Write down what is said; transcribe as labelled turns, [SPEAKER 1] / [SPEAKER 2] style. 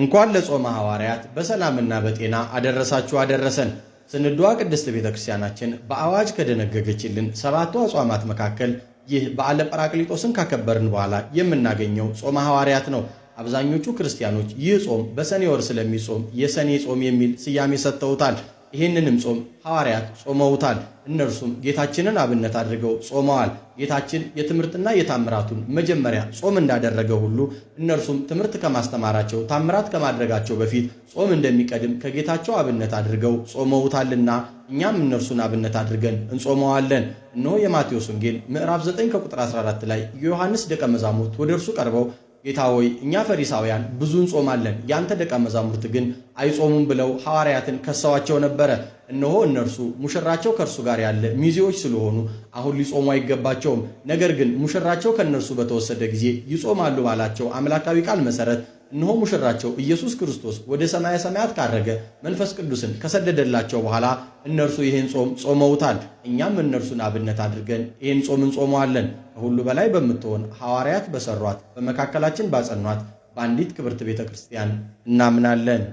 [SPEAKER 1] እንኳን ለጾመ ሐዋርያት በሰላምና በጤና አደረሳችሁ አደረሰን። ስንዷ ቅድስት ቤተ ክርስቲያናችን በአዋጅ ከደነገገችልን ሰባቱ አጽዋማት መካከል ይህ በዓለ ጰራቅሊጦስን ካከበርን በኋላ የምናገኘው ጾመ ሐዋርያት ነው። አብዛኞቹ ክርስቲያኖች ይህ ጾም በሰኔ ወር ስለሚጾም የሰኔ ጾም የሚል ስያሜ ሰጥተውታል። ይህንንም ጾም ሐዋርያት ጾመውታል። እነርሱም ጌታችንን አብነት አድርገው ጾመዋል። ጌታችን የትምህርትና የታምራቱን መጀመሪያ ጾም እንዳደረገ ሁሉ እነርሱም ትምህርት ከማስተማራቸው ታምራት ከማድረጋቸው በፊት ጾም እንደሚቀድም ከጌታቸው አብነት አድርገው ጾመውታልና እኛም እነርሱን አብነት አድርገን እንጾመዋለን። እነሆ የማቴዎስ ወንጌል ምዕራፍ 9 ከቁጥር 14 ላይ የዮሐንስ ደቀ መዛሙርት ወደ እርሱ ቀርበው ጌታ ሆይ እኛ ፈሪሳውያን ብዙ እንጾማለን፣ ያንተ ደቀ መዛሙርት ግን አይጾሙም ብለው ሐዋርያትን ከሰዋቸው ነበረ። እነሆ እነርሱ ሙሽራቸው ከእርሱ ጋር ያለ ሚዜዎች ስለሆኑ አሁን ሊጾሙ አይገባቸውም። ነገር ግን ሙሽራቸው ከእነርሱ በተወሰደ ጊዜ ይጾማሉ ባላቸው አምላካዊ ቃል መሰረት እነሆ ሙሽራቸው ኢየሱስ ክርስቶስ ወደ ሰማየ ሰማያት ካረገ መንፈስ ቅዱስን ከሰደደላቸው በኋላ እነርሱ ይህን ጾም ጾመውታል። እኛም እነርሱን አብነት አድርገን ይህን ጾም እንጾመዋለን። ከሁሉ በላይ በምትሆን ሐዋርያት በሰሯት በመካከላችን ባጸኗት በአንዲት ክብርት ቤተ ክርስቲያን እናምናለን።